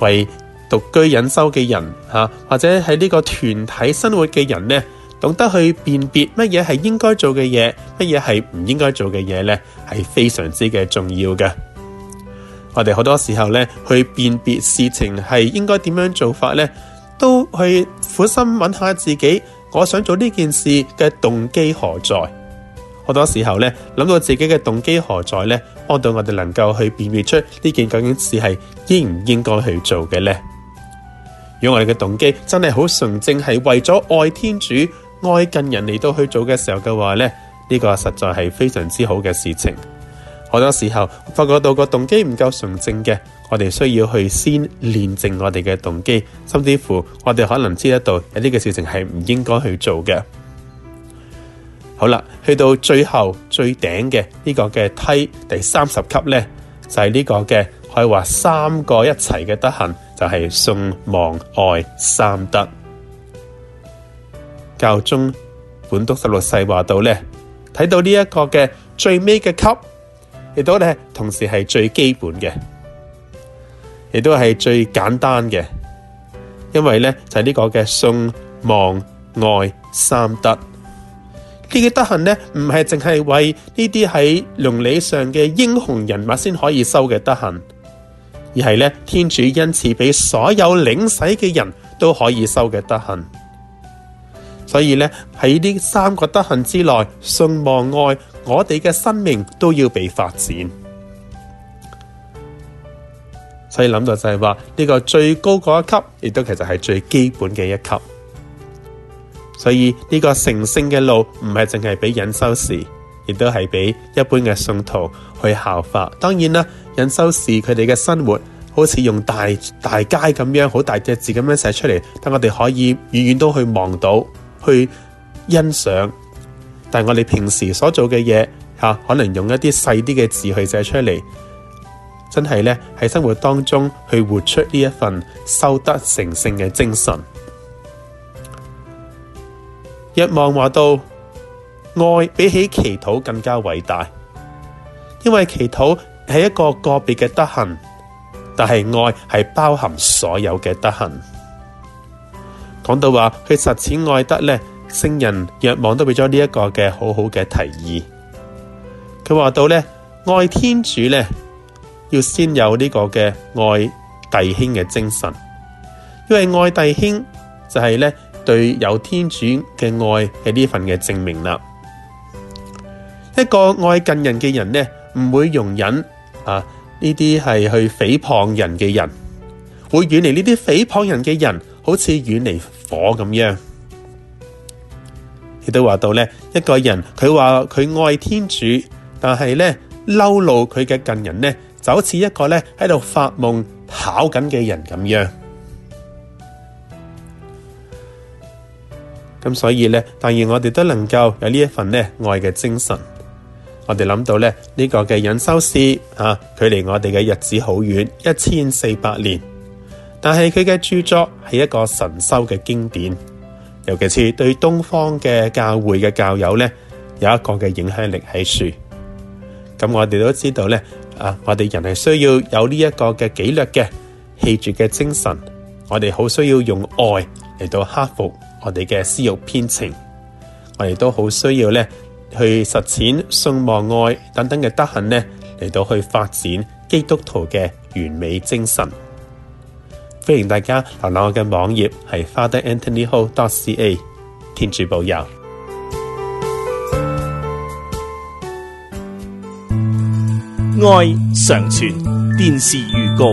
Speaker 5: 為獨居隱修嘅人吓，或者喺呢個團體生活嘅人咧。懂得去辨別乜嘢係應該做嘅嘢，乜嘢係唔應該做嘅嘢呢，係非常之嘅重要嘅。我哋好多時候呢，去辨別事情係應該點樣做法呢，都去苦心揾下自己，我想做呢件事嘅動機何在？好多時候呢，諗到自己嘅動機何在呢，幫到我哋能夠去辨別出呢件究竟事係應唔應該去做嘅呢？如果我哋嘅動機真係好純正，係為咗愛天主，愛近人嚟到去做嘅時候嘅話咧，呢個實在係非常之好嘅事情。好多時候發覺到個動機唔夠純正嘅，我哋需要去先練正我哋嘅動機，甚至乎我哋可能知得到呢個事情係唔應該去做嘅。好啦，去到最後最頂嘅呢個嘅梯第三十級呢，就係呢個嘅可以話三個一齊嘅德行，就係信望愛三德。教宗本篤十六世話呢到咧，睇到呢一個嘅最尾嘅級，亦都咧同時係最基本嘅，亦都係最簡單嘅。因為咧就係、是、呢個嘅信望愛三德，呢個德行咧唔係淨係為呢啲喺倫理上嘅英雄人物先可以修嘅德行，而係咧天主恩賜俾所有領洗嘅人都可以修嘅德行。所以咧喺呢三個德行之內，信望愛，我哋嘅生命都要被發展。所以諗到就係話呢個最高嗰一級，亦都其實係最基本嘅一級。所以呢個成聖嘅路唔係淨係俾隱修士，亦都係俾一般嘅信徒去效法。當然啦，隱修士佢哋嘅生活好似用大大街咁樣好大隻字咁樣寫出嚟，但我哋可以遠遠都去望到。去欣賞，但我哋平時所做嘅嘢吓，可能用一啲細啲嘅字去寫出嚟，真係咧喺生活當中去活出呢一份修得成聖嘅精神。一望話到，愛比起祈禱更加偉大，因為祈禱係一個個別嘅德行，但係愛係包含所有嘅德行。講到話去實踐愛德咧，聖人若望都俾咗呢一個嘅好好嘅提議。佢話到咧，愛天主咧，要先有呢個嘅愛弟兄嘅精神，因為愛弟兄就係咧對有天主嘅愛嘅呢份嘅證明啦。一個愛近人嘅人呢，唔會容忍啊呢啲係去誹謗人嘅人，會遠離呢啲誹謗人嘅人。好似遠離火咁樣，亦都話到咧，一個人佢話佢愛天主，但係呢，嬲怒佢嘅近人呢，就好似一個呢喺度發夢跑緊嘅人咁樣。咁所以呢，但願我哋都能夠有呢一份咧愛嘅精神。我哋諗到咧呢個嘅隱修士啊，佢離我哋嘅日子好遠，一千四百年。但係佢嘅著作係一個神修嘅經典，尤其是對東方嘅教會嘅教友呢，有一個嘅影響力喺書。咁、嗯、我哋都知道呢，啊，我哋人係需要有呢一個嘅紀律嘅棄絕嘅精神，我哋好需要用愛嚟到克服我哋嘅私欲偏情，我哋都好需要呢去實踐信望愛等等嘅德行呢嚟到去發展基督徒嘅完美精神。歡迎大家瀏覽我嘅網頁，係 Father Anthony Ho dot C A。天主保佑，
Speaker 6: 愛常傳。電視預告：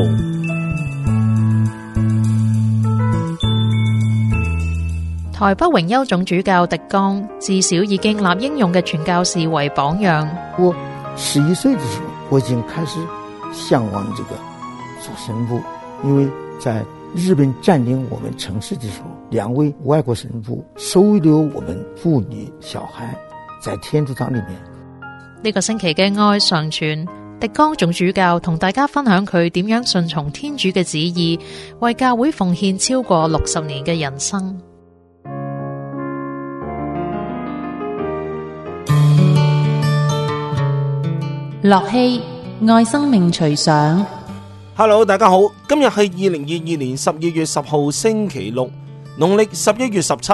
Speaker 1: 台北榮休總主教狄剛至少已經立英勇嘅傳教士為榜樣。我
Speaker 2: 十一歲嘅時候，我已經開始向往這個做神父，因為。在日本佔領我們城市的時候，兩位外國神父收留我們婦女小孩，在天主堂裏面。
Speaker 1: 呢個星期嘅愛上傳，狄剛總主教同大家分享佢點樣順從天主嘅旨意，為教會奉獻超過六十年嘅人生。
Speaker 3: 樂器，愛生命隨想。
Speaker 6: Hello，大家好！今日係二零二二年十二月十號星期六，農曆十一月十七，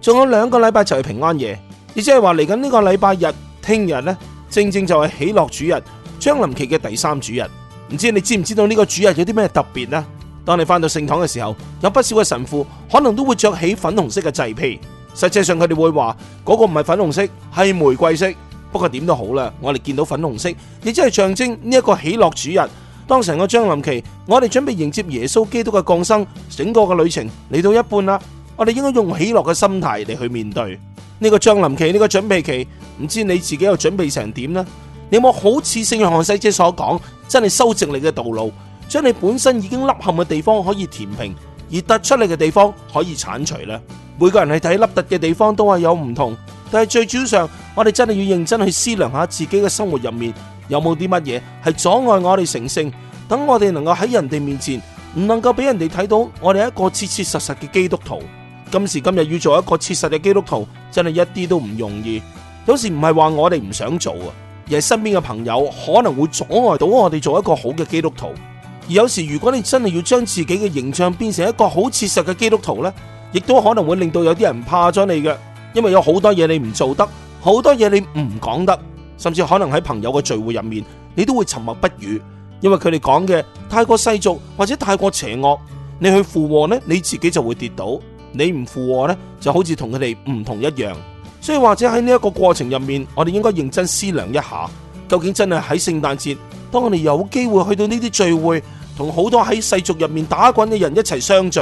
Speaker 6: 仲有兩個禮拜就係平安夜。亦即係話嚟緊呢個禮拜日，聽日呢正正就係喜樂主日，將臨期嘅第三主日。唔知你知唔知道呢個主日有啲咩特別呢？當你翻到聖堂嘅時候，有不少嘅神父可能都會着起粉紅色嘅祭披。實際上佢哋會話嗰個唔係粉紅色，係玫瑰色。不過點都好啦，我哋見到粉紅色，亦即係象徵呢一個喜樂主日。當成個將臨期，我哋準備迎接耶穌基督嘅降生，整個嘅旅程嚟到一半啦。我哋應該用喜樂嘅心態嚟去面對呢、這個將臨期，呢、這個準備期。唔知你自己又準備成點咧？你有冇好似聖若翰洗者所講，真係修直你嘅道路，將你本身已經凹陷嘅地方可以填平，而突出嚟嘅地方可以鏟除呢，每個人去睇凹凸嘅地方都係有唔同，但係最主要上，我哋真係要認真去思量下自己嘅生活入面。有冇啲乜嘢係阻礙我哋成聖？等我哋能夠喺人哋面前唔能夠俾人哋睇到我哋一個切切實實嘅基督徒。今時今日要做一個切實嘅基督徒，真係一啲都唔容易。有時唔係話我哋唔想做啊，而係身邊嘅朋友可能會阻礙到我哋做一個好嘅基督徒。而有時如果你真係要將自己嘅形象變成一個好切實嘅基督徒呢，亦都可能會令到有啲人怕咗你嘅，因為有好多嘢你唔做得，好多嘢你唔講得。甚至可能喺朋友嘅聚會入面，你都會沉默不語，因為佢哋講嘅太過世俗或者太過邪惡。你去附和呢，你自己就會跌倒；你唔附和呢，就好似同佢哋唔同一樣。所以或者喺呢一個過程入面，我哋應該認真思量一下，究竟真係喺聖誕節，當我哋有機會去到呢啲聚會，同好多喺世俗入面打滾嘅人一齊相聚，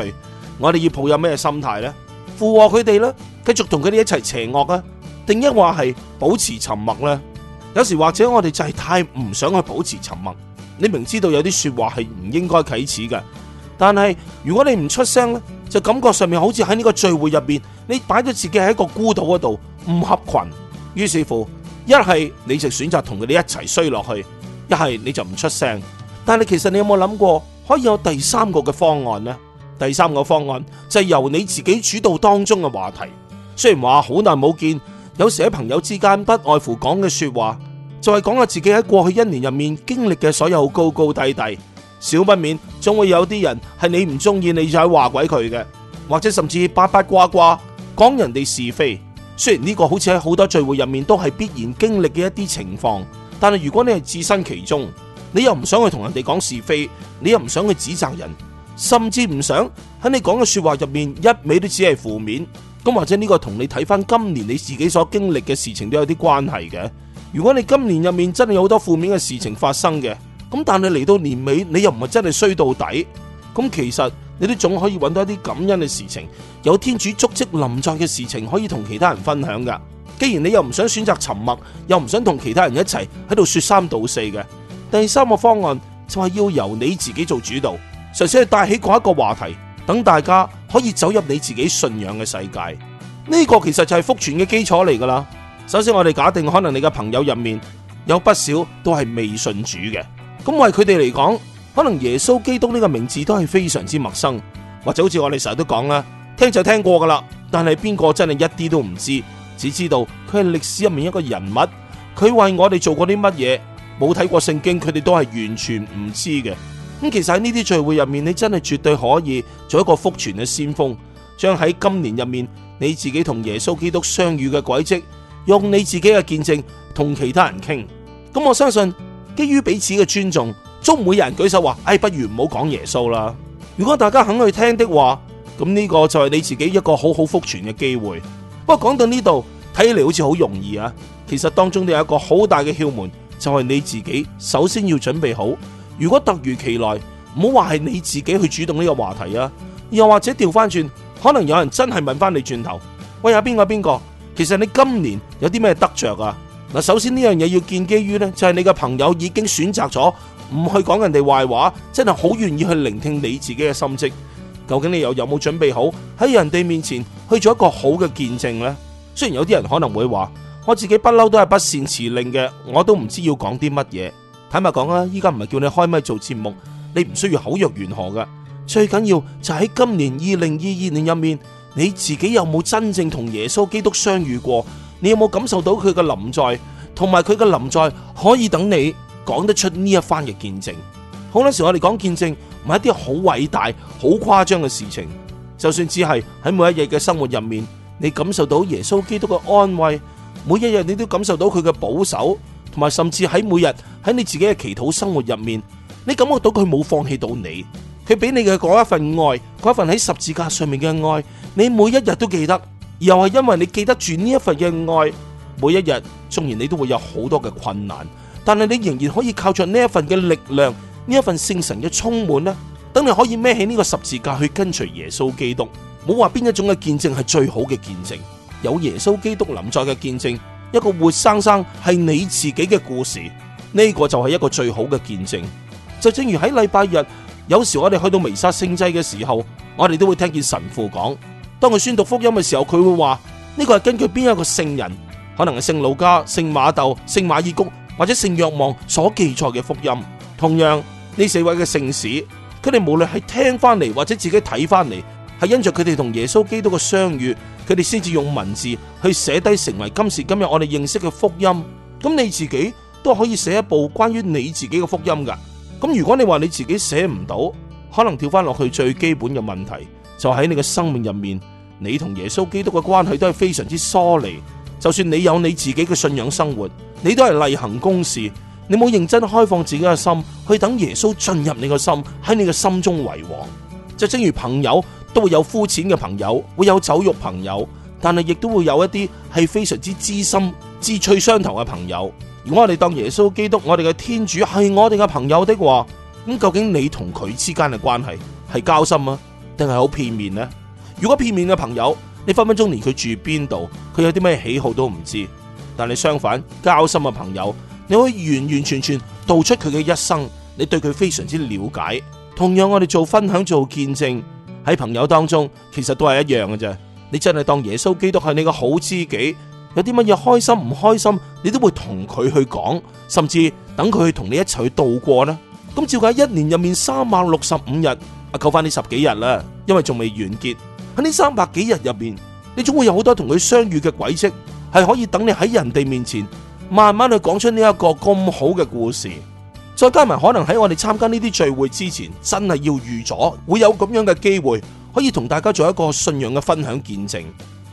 Speaker 6: 我哋要抱有咩心態呢？附和佢哋咧，繼續同佢哋一齊邪惡啊？定抑或係保持沉默呢？有時或者我哋就係太唔想去保持沉默，你明知道有啲說話係唔應該啟齒嘅，但係如果你唔出聲呢，就感覺上面好似喺呢個聚會入邊，你擺到自己喺一個孤島嗰度，唔合群。於是乎，一係你就選擇同佢哋一齊衰落去，一係你就唔出聲。但係其實你有冇諗過，可以有第三個嘅方案呢？第三個方案就係由你自己主導當中嘅話題。雖然話好耐冇見。有時喺朋友之間，不外乎講嘅說話，就係講下自己喺過去一年入面經歷嘅所有高高低低，少不免總會有啲人係你唔中意，你就喺話鬼佢嘅，或者甚至八八卦卦講人哋是非。雖然呢個好似喺好多聚會入面都係必然經歷嘅一啲情況，但係如果你係置身其中，你又唔想去同人哋講是非，你又唔想去指責人，甚至唔想喺你講嘅說話入面一味都只係負面。咁或者呢個同你睇翻今年你自己所經歷嘅事情都有啲關係嘅。如果你今年入面真係有好多負面嘅事情發生嘅，咁但係嚟到年尾你又唔係真係衰到底，咁其實你都總可以揾到一啲感恩嘅事情，有天主足跡臨在嘅事情可以同其他人分享噶。既然你又唔想選擇沉默，又唔想同其他人一齊喺度說三道四嘅，第三個方案就係要由你自己做主導，純粹係帶起過一個話題，等大家。可以走入你自己信仰嘅世界，呢個其實就係福傳嘅基礎嚟噶啦。首先，我哋假定可能你嘅朋友入面有不少都係未信主嘅，咁為佢哋嚟講，可能耶穌基督呢個名字都係非常之陌生，或者好似我哋成日都講啦，聽就聽過噶啦，但係，邊個真係一啲都唔知，只知道佢係歷史入面一個人物，佢為我哋做過啲乜嘢，冇睇過聖經，佢哋都係完全唔知嘅。咁其實喺呢啲聚會入面，你真係絕對可以做一個福傳嘅先鋒，將喺今年入面你自己同耶穌基督相遇嘅軌跡，用你自己嘅見證同其他人傾。咁我相信基於彼此嘅尊重，總唔會有人舉手話：哎，不如唔好講耶穌啦。如果大家肯去聽的話，咁呢個就係你自己一個好好福傳嘅機會。不過講到呢度，睇起嚟好似好容易啊，其實當中都有一個好大嘅竅門，就係你自己首先要準備好。如果突如其來，唔好話係你自己去主動呢個話題啊，又或者調翻轉，可能有人真係問翻你轉頭，喂啊邊個邊個？其實你今年有啲咩得着啊？嗱，首先呢樣嘢，要建基於呢，就係、是、你嘅朋友已經選擇咗唔去講人哋壞話，真係好願意去聆聽你自己嘅心聲。究竟你又有冇準備好喺人哋面前去做一個好嘅見證呢？雖然有啲人可能會話，我自己不嬲都係不善辭令嘅，我都唔知要講啲乜嘢。坦白講啊，依家唔係叫你開咪做節目，你唔需要口若懸河㗎。最緊要就喺今年二零二二年入面，你自己有冇真正同耶穌基督相遇過？你有冇感受到佢嘅臨在，同埋佢嘅臨在可以等你講得出呢一番嘅見證？好多時我哋講見證唔係一啲好偉大、好誇張嘅事情，就算只係喺每一日嘅生活入面，你感受到耶穌基督嘅安慰，每一日你都感受到佢嘅保守。同埋，甚至喺每日喺你自己嘅祈禱生活入面，你感覺到佢冇放棄到你，佢俾你嘅嗰一份愛，嗰一份喺十字架上面嘅愛，你每一日都記得。又係因為你記得住呢一份嘅愛，每一日，縱然你都會有好多嘅困難，但係你仍然可以靠着呢一份嘅力量，呢一份聖神嘅充滿啦，等你可以孭起呢個十字架去跟隨耶穌基督。冇話邊一種嘅見證係最好嘅見證，有耶穌基督臨在嘅見證。一個活生生係你自己嘅故事，呢個就係一個最好嘅見證。就正如喺禮拜日，有時我哋去到彌撒聖祭嘅時候，我哋都會聽見神父講，當佢宣讀福音嘅時候，佢會話呢個係根據邊一個聖人，可能係聖路加、聖馬竇、聖馬爾谷或者聖若望所記載嘅福音。同樣呢四位嘅聖史，佢哋無論係聽翻嚟或者自己睇翻嚟，係因着佢哋同耶穌基督嘅相遇。佢哋先至用文字去寫低，成為今時今日我哋認識嘅福音。咁你自己都可以寫一部關於你自己嘅福音噶。咁如果你話你自己寫唔到，可能跳翻落去最基本嘅問題，就喺你嘅生命入面，你同耶穌基督嘅關係都係非常之疏離。就算你有你自己嘅信仰生活，你都係例行公事，你冇認真開放自己嘅心去等耶穌進入你嘅心，喺你嘅心中為王。就正如朋友都會有膚淺嘅朋友，會有酒肉朋友，但係亦都會有一啲係非常之知心、志趣相投嘅朋友。如果我哋當耶穌基督、我哋嘅天主係我哋嘅朋友的話，咁究竟你同佢之間嘅關係係交心啊，定係好片面咧？如果片面嘅朋友，你分分鐘連佢住邊度、佢有啲咩喜好都唔知。但係相反，交心嘅朋友，你可以完完全全道出佢嘅一生，你對佢非常之了解。同樣我哋做分享做見證喺朋友當中，其實都係一樣嘅啫。你真係當耶穌基督係你個好知己，有啲乜嘢開心唔開心，你都會同佢去講，甚至等佢去同你一齊度過啦。咁照計一年入面三百六十五日，啊，扣翻呢十幾日啦，因為仲未完結。喺呢三百幾日入面，你總會有好多同佢相遇嘅軌跡，係可以等你喺人哋面前慢慢去講出呢一個咁好嘅故事。再加埋可能喺我哋參加呢啲聚會之前，真係要預咗會有咁樣嘅機會，可以同大家做一個信仰嘅分享見證。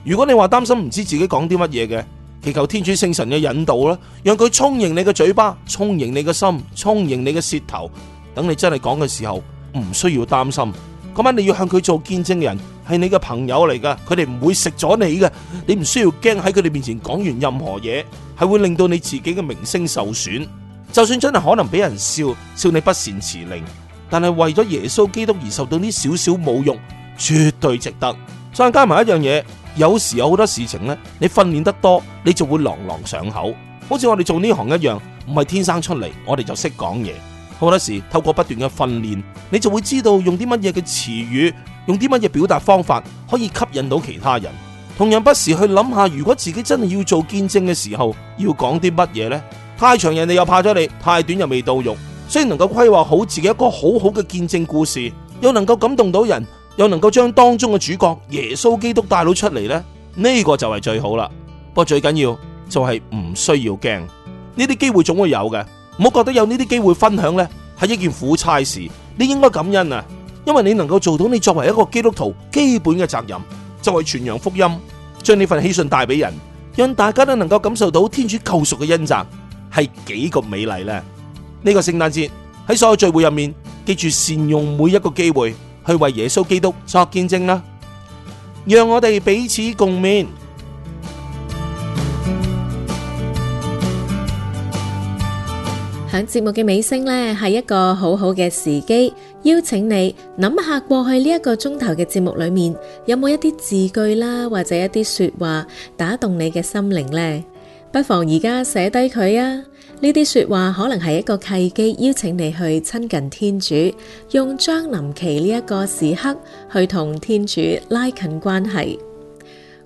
Speaker 6: 如果你話擔心唔知自己講啲乜嘢嘅，祈求天主聖神嘅引導啦，讓佢充盈你嘅嘴巴，充盈你嘅心，充盈你嘅舌頭，等你真係講嘅時候，唔需要擔心。嗰晚你要向佢做見證嘅人係你嘅朋友嚟㗎，佢哋唔會食咗你嘅，你唔需要驚喺佢哋面前講完任何嘢，係會令到你自己嘅名聲受損。就算真係可能俾人笑笑你不善辭令，但係為咗耶穌基督而受到呢少少侮辱，絕對值得。再加埋一樣嘢，有時有好多事情呢，你訓練得多，你就會朗朗上口。好似我哋做呢行一樣，唔係天生出嚟，我哋就識講嘢。好多時透過不斷嘅訓練，你就會知道用啲乜嘢嘅詞語，用啲乜嘢表達方法可以吸引到其他人。同樣不時去諗下，如果自己真係要做見證嘅時候，要講啲乜嘢呢？太長人哋又怕咗你，太短又未到肉。所以能夠規劃好自己一個好好嘅見證故事，又能夠感動到人，又能夠將當中嘅主角耶穌基督帶到出嚟呢，呢、這個就係最好啦。不過最緊要就係、是、唔需要驚，呢啲機會總會有嘅。唔好覺得有呢啲機會分享呢係一件苦差事，你應該感恩啊，因為你能夠做到你作為一個基督徒基本嘅責任，就係、是、傳揚福音，將呢份喜訊帶俾人，讓大家都能夠感受到天主救贖嘅恩澤。係幾個美麗呢？呢個聖誕節喺所有聚會入面，記住善用每一個機會去為耶穌基督作見證啦！讓我哋彼此共勉。
Speaker 1: 響節目嘅尾聲呢，係一個好好嘅時機，邀請你諗下過去呢一個鐘頭嘅節目裏面，有冇一啲字句啦，或者一啲說話打動你嘅心靈呢？不妨而家寫低佢啊！呢啲說話可能係一個契機，邀請你去親近天主，用將臨期呢一個時刻去同天主拉近關係，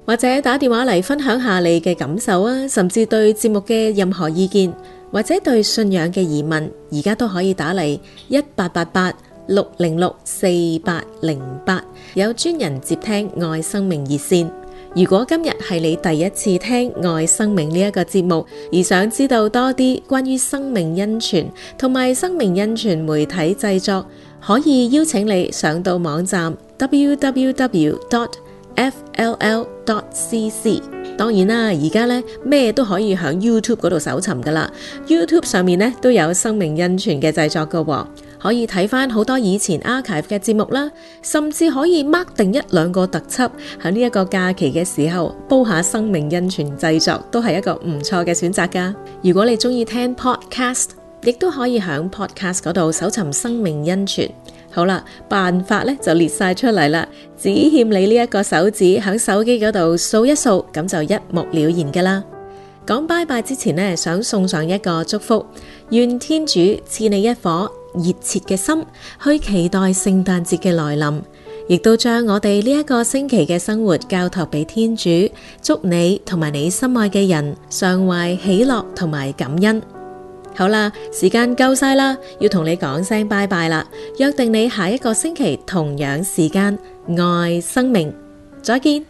Speaker 1: 或者打電話嚟分享下你嘅感受啊，甚至對節目嘅任何意見，或者對信仰嘅疑問，而家都可以打嚟一八八八六零六四八零八，8, 有專人接聽愛生命熱線。如果今日係你第一次聽愛生命呢一個節目，而想知道多啲關於生命恩泉同埋生命恩泉媒體製作，可以邀請你上到網站 w w w. dot f l l. dot c c。當然啦，而家咧咩都可以響 YouTube 嗰度搜尋噶啦，YouTube 上面咧都有生命恩泉嘅製作噶。可以睇翻好多以前 archive 嘅節目啦，甚至可以 mark 定一兩個特輯喺呢一個假期嘅時候煲下《生命恩泉》製作都係一個唔錯嘅選擇噶。如果你中意聽 podcast，亦都可以響 podcast 度搜尋《生命恩泉》。好啦，辦法咧就列晒出嚟啦，只欠你呢一個手指喺手機嗰度掃一掃，咁就一目了然噶啦。講拜拜之前呢，想送上一個祝福，願天主賜你一火，熱切嘅心去期待聖誕節嘅來臨，亦都將我哋呢一個星期嘅生活交託俾天主，祝你同埋你心愛嘅人常懷喜樂同埋感恩。好啦，時間夠晒啦，要同你講聲拜拜啦，約定你下一個星期同樣時間，愛生命，再見。